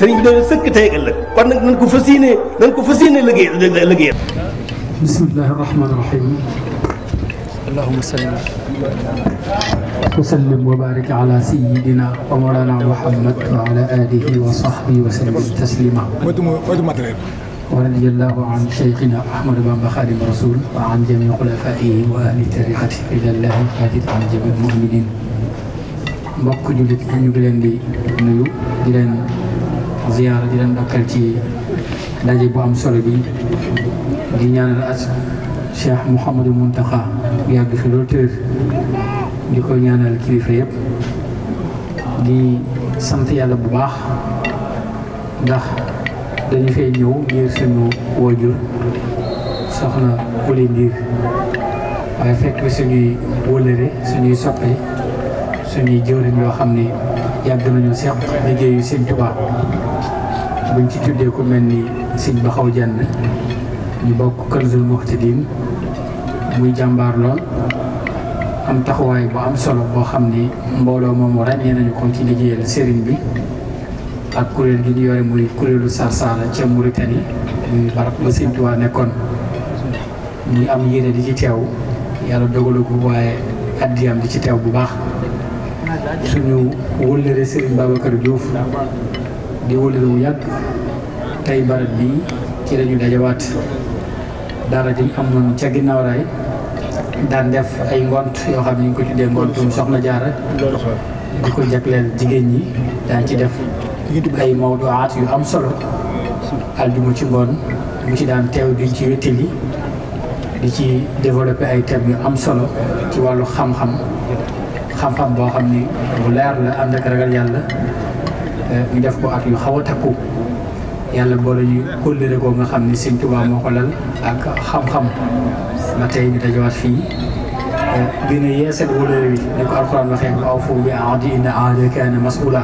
sëriñ bi dañu sëkk tey ëllëg kon nag nañ ko fas yéene nañ ko fas yéene liggéey liggéey. bismillahi rahmaani rahim. allahumma salli wa sallim wa barik ala sayyidina wa mawlana muhammad wa ala alihi wa sahbihi wa sallim taslima. ورضي الله عن شيخنا احمد بن خادم الرسول وعن جميع خلفائه واهل طريقته الى الله الحاجة عن جميع المؤمنين mbokk jullit ñu ngi leen di nuyu di leen ziyaara di leen dokkal ci daje bu am solo bi di ñaanal as Cheikh Mouhamadou Mountakha yàgg fi loolu tëwér di ko ñaanal kilifa yëpp di sant yàlla bu baax ndax dañu fay ñëw ngir suñu waajur soxna Kuli Ndiir waaye fekk suñuy wëllëre suñuy soppe suñuy jëwriñ yoo xam ni yàgg nañu seq liggéeyu Sëñ Tuubaa buñ ci tuddee ku mel ni sëñ Baxaw Jenn ñu bokk Kanzul Muhtadin muy jàmbaar lool am taxawaay bu am solo boo xam ni mbooloo moom ràññee nañu ko ci liggéeyal sëriñ bi ak kuréel gi ñu yore muy kuréelu Sarsara ca Mauritanie muy barab ba sëñ Tuubaa nekkoon muy am yéene di ci teew yàlla dogalu ko waaye addiyam di ci teew bu baax suñu wëllëre sëriñ Babacar Diouf di wóllare wu yàgg tey barab bii ci lañu dajawaat daara ji am noonu ca ginnaaw raay daan def ay ngont yoo xam ni ñu ko tuddee ngontum soxna jaara di ko jagleel jigéen ñi daan ci def ay mawduwaat yu am solo aljuma ci ngoon mu ci daan teew duñ ci wéttali di ci développé ay thèmes yu am solo ci wàllu xam-xam xam-xam boo xam ni bu leer la ànd ak ragal yàlla Eh, ñu def ko at yu xaw a takku yàlla boole ñu kóllëre ko nga xam ne Sëñ Tuubaa moo ko lal ak xam-xam ba tey ñu dajawaat fii eh, gën a yeesal wi ni ko alxuraan waxee bu aw foofu bi ahdi inna ahda kaana mas'uula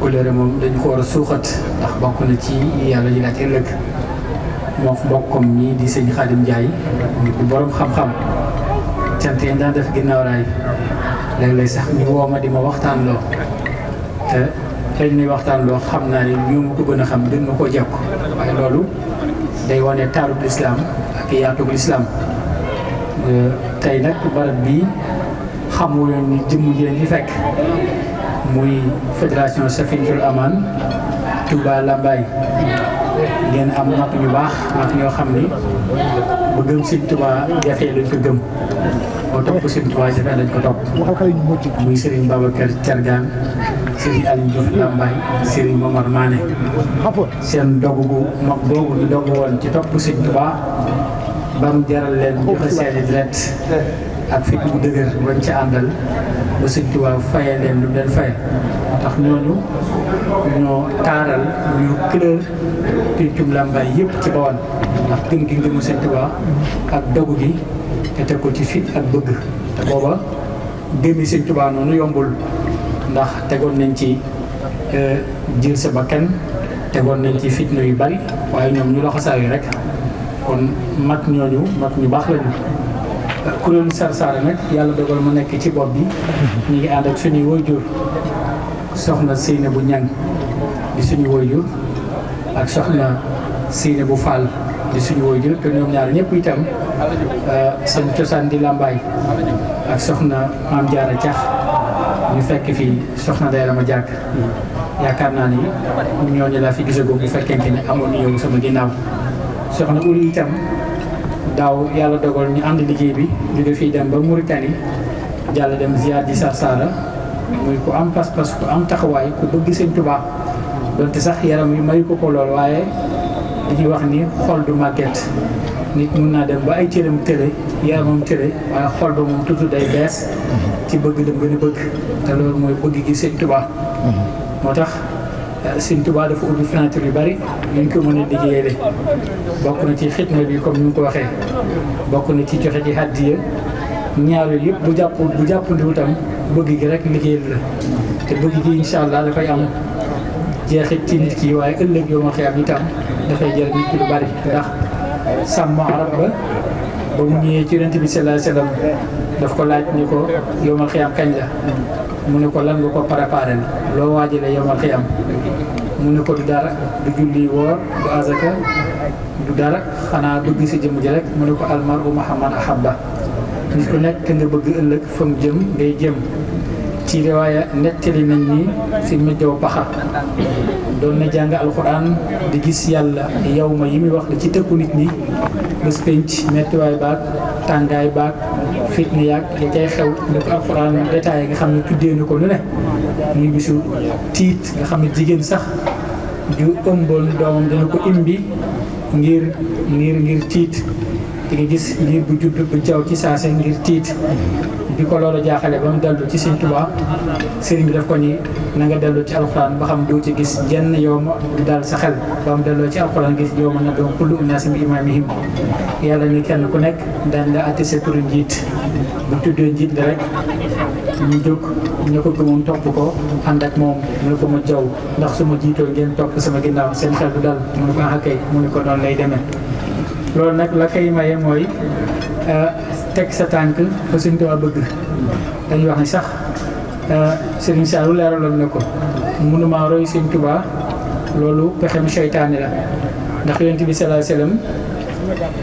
kóllëre moom dañu ko war a suuxat ndax bokk na ci yàlla ji laaj ëllëg moo mbokkam ñii di sëñ Xaadim Njaay ñu ko borom daan def ginnaaw raay léeg-léeg sax ñu woo di ma waxtaan loo te xëy na waxtaan loo xam naa ne ñoo ma ko gën a xam gën ma koo jàpp waaye loolu day wane taarub lislaam ak yaatug lislaam euh, tey nag barab bi xamu ni jëmm yéen ñi fekk muy fédération Safinatul Aman Touba Lambaye ngeen am mag ñu baax mag ñoo xam ni bu gëm Sëñ Touba jafee lañ ko gëm boo topp Sëñ Touba jafee lañ ko topp muy Serigne Babacar Thiargane Serigne Aliou Diouf Lambaye Serigne Momar Mané seen dogu gu mag boobu ñu dogu woon ci topp Sëñ Tuubaa ba mu jaral leen joxe seeni deret ak fit bu dëgër bañ ci àndal ba Sëñ Tuubaa faye leen lu leen faye tax ñooñu ñoo taaral ñu couleur pencum Lambaye yëpp ci bawal ndax gëm gi ngëmu Sëñ Tuubaa ak dogu gi te teg ko ci fit ak bëgg te booba gëmi Sëñ Tuubaa noonu yombul ndax tegoon nañ ci euh, jël sa bakkan tegoon nañ ci fitna yu bari waaye ñoom ñu loxo saa rek kon mat ñooñu mat ñu baax lañu kuréelu Sarsara nag yàlla dogal mu nekk ci bopp bi ñu ngi ànd ak suñuy waajur soxna siine bu ñang di suñu waajur ak soxna Seyna bu Fall di suñu waajur te ñoom ñaar ñëpp itam euh, seen cosaan di làmbaay ak soxna Maam Jaara Cax ñu fekk fii soxna Ndeye Rama Diack yaakaar naa ni ñooñu laa fi gise boobu bu fekkente ni amoon na yow sama ginnaaw soxna Oly itam daaw yàlla dogal ñu ànd liggéey bi ñu def fii dem ba Mauritanie jàll dem ziar di Sarsara muy ku am pas ku am taxawaay ku bëgg Sëñ Tuubaa donte sax yaram wi mayu ko ko lool waaye dañuy wax ni xool du màgget nit mun naa dem ba ay cëram tële yaramam tële waaye xol ba moom toujours day bees ci bëgg lam gën a bëgg te loolu mooy bëgg gi sëñ Tuubaa mhm. moo tax euh, sëñ Tuubaa dafa ubbi fenêtre yu bari ñu ko mën a liggéeyale bokk na ci xitma bi comme ni ko waxee bokk na ci joxe ci hàddiya ñaar yooyu yëpp bu jàpp bu jàppandiwul tam bëgg gi rek liggéeyal la te bëgg gi incha allah dafay am jeexit ci nit ki waaye ëllëg yoo ma xëy itam dafay jël nit ki lu bari ndax sàmm arab ba ba mu ñëwee ci rent bi sallallahu alayhi wa daf ko laaj ni ko yowmal xiyam kañ la mu ne ko lan nga ko préparé loo waajale yowmal am mu ne ko du dara du julli woor du azaka du dara xanaa bëgg si jëm ji rek mu ne ko almaru mahamman ahabba nit ku nekk nga bëgg ëllëg fa mu jëm ngay jëm ci riwaaya nettali nañ ni si méjjow paxa doon na jàng alxuraan di gis yàlla yow ma yi muy wax da ci tëkku nit ñi bés pénc méttiwaay baag tàngaay baag fitna yaag cay xew ni ko alxuraan détaillé nga xam ne tuddee na ko lu ne muy bisu tiit nga xam ne jigéen sax ju ëmboon doomam dana ko imbi ngir ngir ngir tiit di nga gis ngir bu judd bu jaw ci saase ngir tiit bi ko loolu jaaxale ba mu dellu ci Sëriñ Tuubaa sëriñ bi daf ko ni na nga dellu ci alxuraan ba xam doo ci gis jenn yow ma dal sa xel ba mu delloo ci alxuraan gis yow ma na doon kullu unaasin bi imaamihim yàlla ni kenn ku nekk dañ la atti sa turu bu tuddee njiit la rek ñu jóg ñu ko gëmoon topp ko ànd ak moom mu ne ma jaw ndax suma jiitoo ngeen topp sama ginnaaw seen xel du dal mu ne ko ah mu ne ko noonu lay demee loolu nag la kay maye mooy euh, teg sa tànk fa Sëriñ Tuubaa bëgg dañuy wax ni sax euh, Sëriñ Saalu leeraloon na ko mënuma roy Sëriñ Tuubaa loolu pexem seytaane la ndax yonent bi sallallahu alayhi wasallam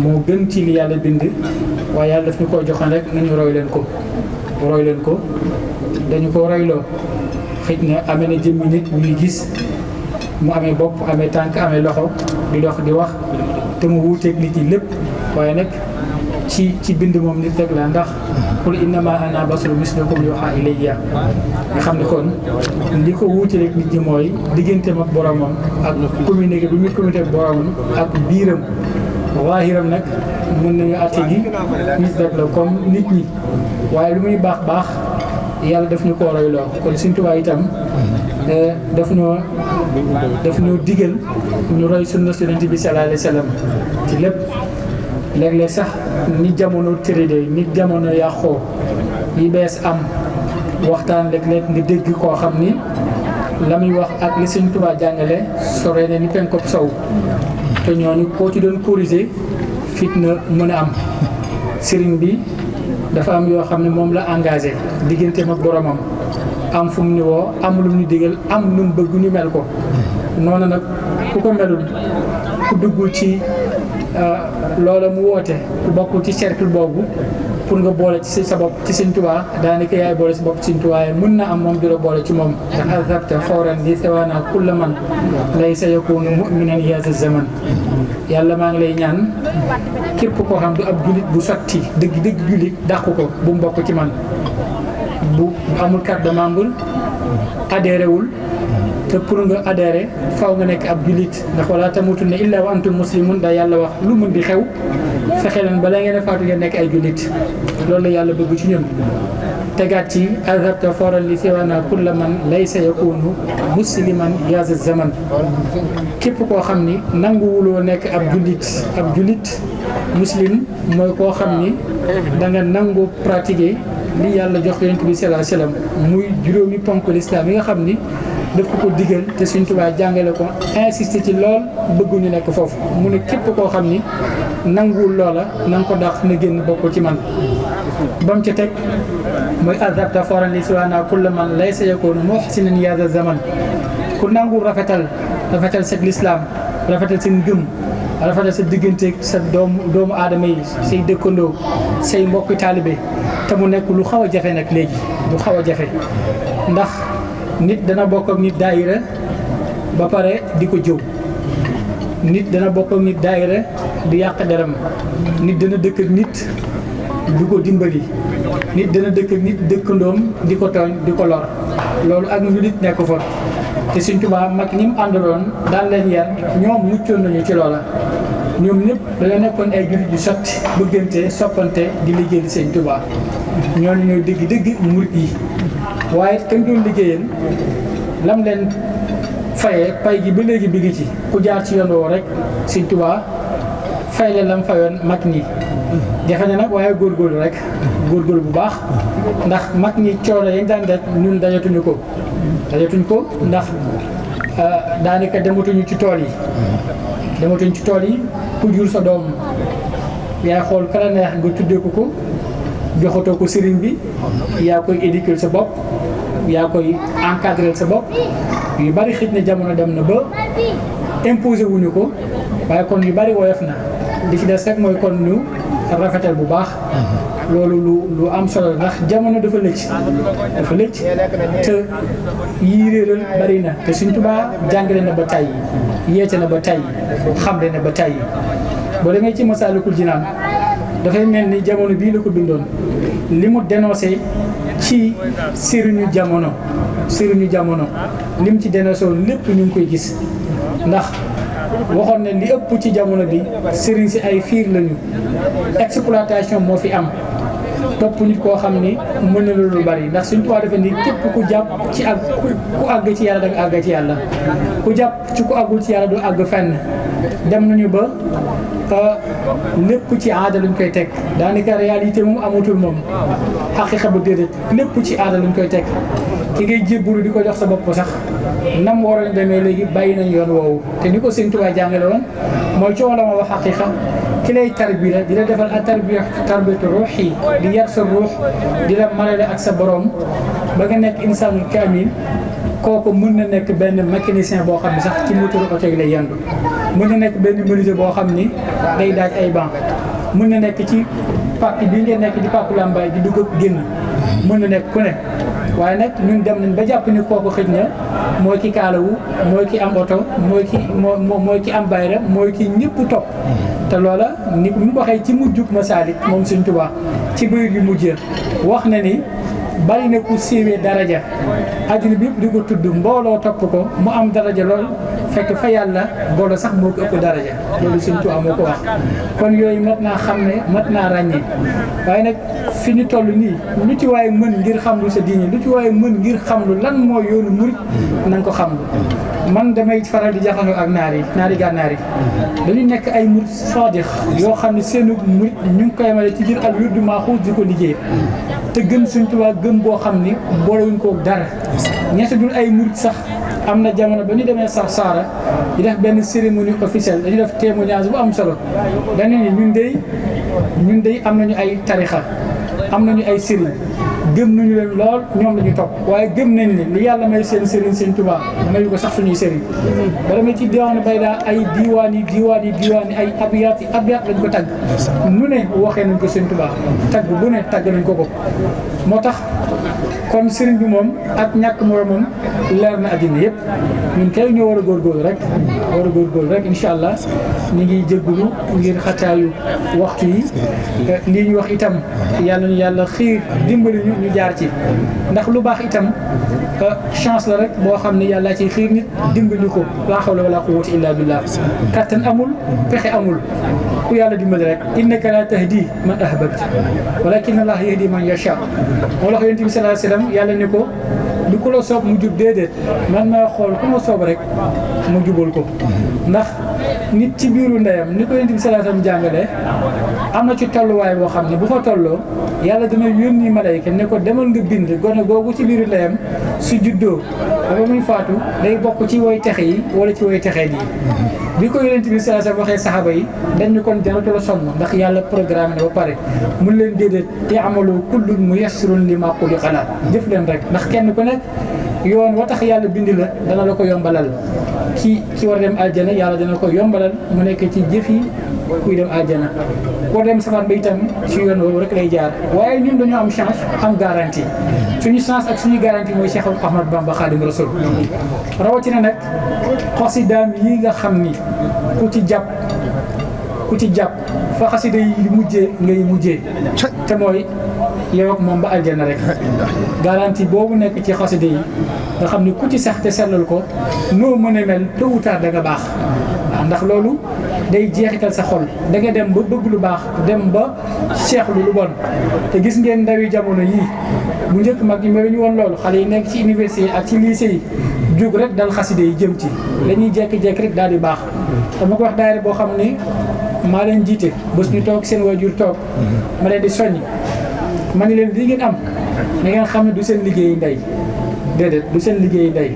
moo gën ci li yàlla bind waaye yàlla daf ñu koo joxoon rek nañu roy leen ko roy leen ko dañu ko royloo xëj na amee na jëmmi nit ñuy gis mu amee bopp amee tànk amee loxo di dox di wax te mu wuuteeg nit yi lépp waaye nag ci ci bind moom nit rek la ndax qul innama ana basarun mislukum yuuxa ilayya nga xam ne kon li ko wuute rek nit ñi mooy diggante ak boromam ak communiqué bi muy communiqué ak boromam ak biiram waahiram nag mën nañu atte gi nit rek la nit ñi waaye lu muy baax baax yàlla daf ñu ko royloo kon Sëñ Tuubaa itam eh, daf ñoo daf ñoo digal ñu roy sunna Yonent bi sallallaahu alayhi ci lépp léeg-léeg sax ni jamono tëridee ni jamono yàqoo yi bees am waxtaan léeg-léeg nga dégg koo xam ni la muy wax ak li Sëñ Tuubaa jàngale sore na ni penkob sow te ñooñu koo ci doon corriger fitna mën a am sëriñ bi dafa am yoo xam ne moom la engagé diggante ak boroomam am fu mu ni woo am lu mu ni digal am lu mu bëgg mel ko noonu nag ku ko melul ku dugg ci Euh, loola mu woote ku ci cercle boobu pour nga boole ci sa bopp ci Sëñ Tuubaa daanaka yaay boole sa bopp ci Sëñ Tuubaa mun na am moom du la boole ci moom ndax azabta fawran di sewaana la man lay sa yakunu muminan yaasa zaman yàlla maa ngi lay ñaan képp koo xam du ab jullit bu sotti dëgg dëgg jullit dàqu ko bu mu bokk ci man bu amul carte de membre adhéré wul te pour nga adhéré faw nga nekk ab jullit ndax wala tamutunna illa wa antum muslimun da yàlla wax lu mun di xew fexe leen balaa ngeen a faatu ngeen nekk ay jullit loolu la yàlla bëgg ci ñun tegaat ci azhabta foral li siwana kulla man laysa yakunu musliman yaza zaman képp koo xam ni nanguwuloo nekk ab jullit ab jullit muslim mooy koo xam ni da nga nangu pratiquer li yàlla jox yonent bi sallallahu alayhi wasallam muy juróomi ponk l'islam yi nga xam ni daf ko ko digal te Sëriñ Tuubaa jàngale ko insisté ci lool bëgguñu nekk foofu mu ne képp koo xam ni nanguwul loola na nga ko dàq na génn bokk ci man ba mu ca teg mooy adapta foran li siwaana kulla man lay sa yakoonu muhsinan yaada zaman ku nangu rafetal rafetal sa lislaam rafetal seen gëm rafetal sa diggante sa doom doomu aadama yi say dëkkandoo say mbokki taalibe te mu nekk lu xaw a jafe nag léegi lu xaw a jafe ndax nit dana bokk ak nit daayira ba pare di ko jëw nit dana bokk ak nit daayira di yàq deram nit dana dëkk nit di ko dimbali nit dana dëkk nit dëkkandoom di ko tooñ di ko lor loolu ak lu nit nekk fa te Sëñ Tuubaa mag ñi mu àndaloon daan leen yar ñoom muccoon nañu ci loola ñoom ñëpp dañoo nekkoon ay jullit yu sotti bëggante soppante di liggéey di Sëñ Tuubaa ñoo ñooy dégg dëgg murit yi waaye kañ doon liggéeyal lam leen fayee pay gi ba léegi bi ci ku jaar ci yoon rek Sëñ Tuubaa fay leen lam fayoon mag ñi jafe na nag waaye góorgóorlu rek góorgóorlu bu baax ndax mag ñi coono yañ daan daj ñun dajatuñu ko dajatuñ ko ndax euh, daanaka dematuñu ci tool yi dematuñ ci tool yi ku jur sa doom yaay xool kala neex nga tuddee ko ko joxatoo ko sëriñ bi yaa koy éduquer sa bopp yaa koy encadrer sa bopp yu bari xëj na jamono dem na ba imposé wuñu ko waaye kon yu bari woyof na di fi des rek mooy kon ñu rafeteel bu baax loolu lu lu am solo ndax jamono dafa lëcc dafa lëcc te yii bari na te Sëriñ Tuubaa jàngale na ba tàyyi yeete na ba tàyyi xamle na ba tàyyi boo demee ci Masaalikul Jinaan dafay mel ni jamono bii la ko bindoon li mu dénoncé ci sëriñu jamono sëriñu jamono li mu ci dénoncé woon lépp ñu ngi koy gis ndax waxoon ne li ëpp ci jamono bi sëriñ si ay fiir lañu exploitation moo fi am topp nit koo xam ni mën na lu bari ndax suñ tubaab dafa ni képp ku jàpp ci ak ku àgg ci yàlla da àgg ci yàlla ku jàpp ci ku àggul ci yàlla du àgg fenn dem nañu ba lépp ci aada luñ koy teg daanaka réalité mu amatul moom xaqiqa ba déedéet lépp ci aada luñ koy teg ki ngay jébbalu di ko jox sa bopp sax nam waroon demee léegi bàyyi nañ yoon woowu te ni ko sëñ Tuubaa jàngale woon mooy ci wàllum wax xaqiqa ki lay tarbiya di la defal ak tarbiya tarbiyatu ruux yi di yar sa ruux di la malale ak sa boroom ba nga nekk insaanul kaamil kooku mun na nekk benn mécanicien boo xam ne sax ci moteur oto yi lay yendu mën na nekk benn menuisier boo xam ni day daaj ay banc mun na nekk ci pàkk bi ngeen nekk di pàkku làmbaay di dugg génn mën na nekk ku ne waaye nag ñun dem nañ ba jàpp ni kooku xëj na mooy ki kaalawu mooy ki am oto mooy ki moo mooy ki am bayra mooy ki ñëpp topp te loola ni mu waxee ci mujjub Masaalik moom Sëñ Tuubaa ci bëyit mu mujjee wax na ni bari na ku siiwee daraja adduna bi yëpp di ko tudd mbooloo topp ko mu am daraja lool fekk fa yàlla boolo sax moo ko ëpp daraja loolu Sëñ Tuubaa moo ko wax kon yooyu mat naa xam ne mat naa ràññee waaye nag fi ñu toll nii lu ci waaye mën ngir xam lu sa diine lu ci waaye mën ngir xam lu lan moo yoonu murit na nga ko xam lu man damay faral di jaxasoo ak naar yi naari gànnaar yi dañu nekk ay murit saadix yoo xam ne seenu murit ñu ngi koy male ci biir al wirdu maaxuus di ko liggéey te gën Sëñ Tuubaa gëm boo xam ni boolewuñ ko dara ñetti dul ay murit sax am na jamono ba ñu demee sax saara di def benn cérémonie officielle dañu def témoignage bu am solo dañu ne ñun dey ñun dey am nañu ay tarixa am nañu ay sirri gëm nañu leen lool ñoom la ñu topp waaye gëm nañ ne lu yàlla may seen sëriñ seen tubaab mayu ko sax suñuy sëriñ ba demee ci diwaanu Bayda ay diwaan yi diwaan yi diwaan yi ay abiyaat yi abiyaat lañ ko tagg nu ne waxee nañ ko seen tubaab tagg bu ne tagg nañ ko ko moo tax kon sëriñ bi moom ak ñàkk moromam leer na àddina yëpp ñun tey ñoo war a góorgóorlu rek war a góorgóorlu rek incha allah ñu ngi jéggulu ngir xataayu waxtu yi eh, lii ñu wax itam yàlla ñu yàlla xiir dimbali ñu ñu jaar ci ndax lu baax itam euh, chance la rek boo xam ne yàlla ci xiir nit dimbali ko laa xawla wala quwwata illa billah kattan amul pexe amul ku yàlla dimbali rek innaka la di man ahbabta walakin allah yahdi man yasha moo la ko yonent bi sallallahu alayhi wasallam yàlla ne ko du ku la soob mu jub déedéet man maa xool ku ma soob rek mu jubal ko ndax nit ci biiru ndeyam ni ko yonent bi salaatam jàngale am na ci tolluwaay boo xam ne bu ko tolloo yàlla dina yónni malayka ne ko demal nga bind gone googu ci biiru ndeyam su juddoo ba muy faatu day bokk ci woy texe yi wala ci woy texeet yi bi ko yonent bi salaatam waxee saxaaba yi dañ ñu kon jaratula sonn ndax yàlla programme ne ba pare mun leen déedéet te amaloo kullun muyassarun limaa xuliqa lahu jëf leen rek ndax kenn ku nekk yoon wa tax yàlla bindi la dana la ko yombalal ki ki war dem aljana yàlla dana ko yombalal mu nekk ci jëfi kuy dem aljana boo dem safaan ba itam ci yoon rek lay jaar waaye ñun dañoo am chance am garantie suñu chance ak suñu garantie mooy Cheikh Ahmad Bamba Khadim Rasoul rawatina nag xasidaam yi nga xam ni ku ci jàpp ku ci jàpp fa xasida yi mujjee ngay mujjee te mooy yow ak moom ba aljana rek garantie boobu nekk ci xasida yi nga xam ni ku ci sax te sellal ko noo mën a mel tôt ou tard da baax ndax loolu day jeexital sa xol da nga dem ba bëgg lu baax dem ba seexlu lu bon te gis ngeen ndawi jamono yii bu njëkk mag ñi meluñu woon loolu xale yi nekk ci université ak ci lycée yi jóg rek dal xasida yi jëm ci lañuy jekki-jekki rek daal di baax dama ko wax daayira boo xam ni maa leen jiite bés ñu toog seen waajur toog ma leen di soññ ma ne leen lii am da ngeen xam ne du seen liggéeyu ndey déedéet du seen liggéeyu ndey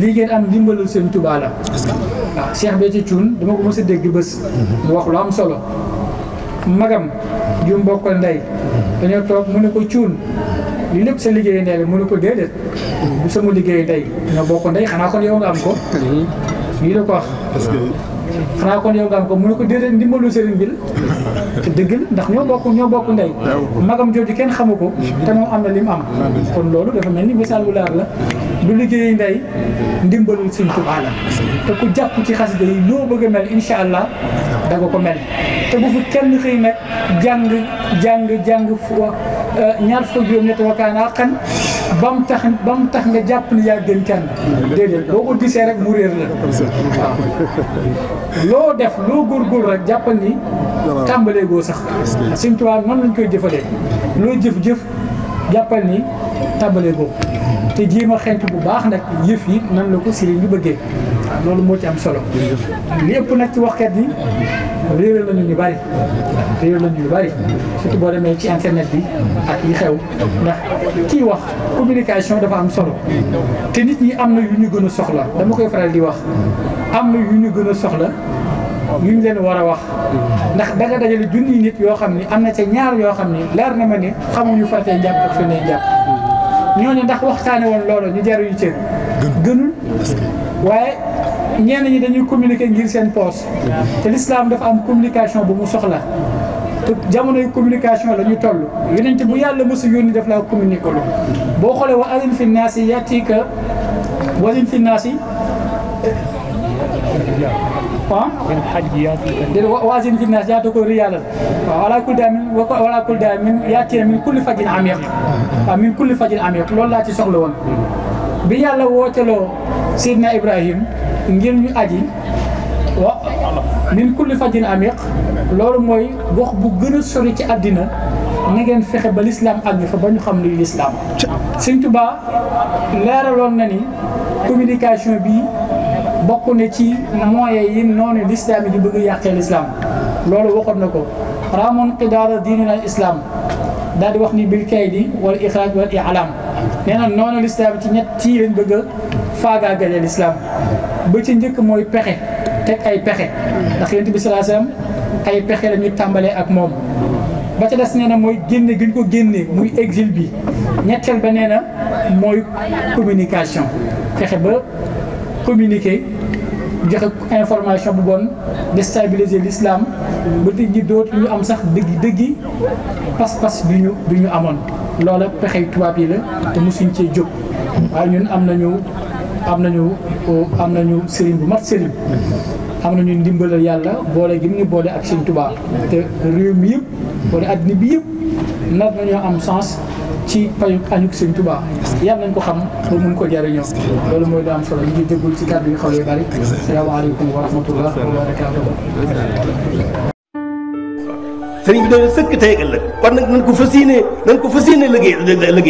lii am ndimbalul seen Tuubaa la waaw ah, Cheikh Béthio dama ko mos a dégg bés mhm. am solo magam ju mbokkal ndey mhm. dañoo toog mu ne ko Thioune mhm. li lépp sa liggéeyu ndey mu ne ko déedéet du sama liggéeyu ndey ñoo bokk ndey xanaa ko yow nga am ko lii la ko wax xanaa kon yow gàllankoor mu ne ko déedéet ndimbalu sëriñ bi la te dëgg la ndax ñoo bokk ñoo bokk ndey magam jooju kenn xamu ko te moom am na li am kon loolu dafa mel ni misaal bu laar la du liggéey ndey ndimbalul sëñ Tuubaa la te ku jàpp ci xasida yi loo bëgg a mel incha allah da nga ko mel te bu fi kenn xëy nag jàng jàng jàng fu euh, ñaar fukk juróom ñett wakaanaa xan ba mu tax ba tax nga jàpp ne yaa gën kenn déedéet boo ko gisee rek mu réer la waaw loo def loo góorgóorlu rek jàppal ni tàmbalee goo sax Sëñ Tuubaa noonu lañ koy jëfalee loo jëf-jëf jàppal ni tàmbalee goo te jéem a xent bu baax nag yëf yi nan la ko sëriñ bi bëggee waaw loolu moo ci am solo li ëpp nag ci wax ket yi réeral nañu ñu bari réeral nañu ñu bari surtout boo demee ci internet bi ak yi xew ndax kii wax communication dafa am solo te nit ñi am na yu ñu gën a soxla dama koy faral di wax am na yu ñu gën soxla yu ñu leen war a wax ndax dajal dajale yi nit yoo xam ne am na ca ñaar yoo xam ne leer na ma ne xamuñu faratee jàpp ak suñuy jàpp ñooñu ndax waxtaane woon loolu ñu jaruñu cër gënul waaye ñenn ñi dañuy communiquer ngir seen poos te l'islam dafa am communication bu mu soxla te jamonoy communication la ñu toll yonente bu yàlla mos a yónni daf laa communiquer lu boo xoolee wa adin fi naasi yatika wa adin fi naasi eh, ah. déedéet waa Zine Fidna jaata ko riyaalal waaw wala kulli daa min wala kulli daa min yaatee min amiq min kulli fajin amiq mm-hmm. loolu laa ci soxla woon. bi yàlla loo Seydina Ibrahim ngir ñu aji wa min kulli fajin amiq loolu mooy gox bu gën a ci àddina na ngeen fexe ba lislaam àgg fa ba ñu xam luy lislaam Sëñ Tuubaa leeraloon na ni communication bi bokk ne ci moyen yi noonu lislaam yi di bëgg yàqee lislaam loolu waxoon na ko raamon qidaara diinina islaam daal di wax ni bil kaydi wal ixraaj wal i'laam nee noonu lislaam ci ñett tii lañ faagaagale lislaam ba ci njëkk mooy pexe teg ay pexe ndax yonent bi sallallahu ay pexe la ñu tàmbalee ak moom ba ca des nee na mooy génne gi ñu ko génne muy exil bi ñetteel ba nee na mooy communication pexe ba communiquer joxe information bu bon déstabiliser l'islam ba nit dootu ñu am sax dëgg dëggi pas-pas bi ñu bi ñu amoon loola pexe tubaab yi la te mosuñ cee jóg waaye ñun am nañu am nañu am nañu sëriñ bu mat sëriñ am ñu ndimbalal yàlla boole gi mu ñu boole ak sëriñ Tuubaa te réew yëpp wala addina bi yëpp nar nañoo am sens ci payu añuk sëriñ Tuubaa yàlla nañ ko xam ba mun ko jariñoo loolu mooy da am solo ñu ngi déggul ci kàddu yu xaw yu bari salaamaaleykum wa rahmatullah wa barakaatuh sëriñ bi dana sëkk tey ëllëg kon nag nañ ko fas yéene nañ ko fas yéene liggéey liggéey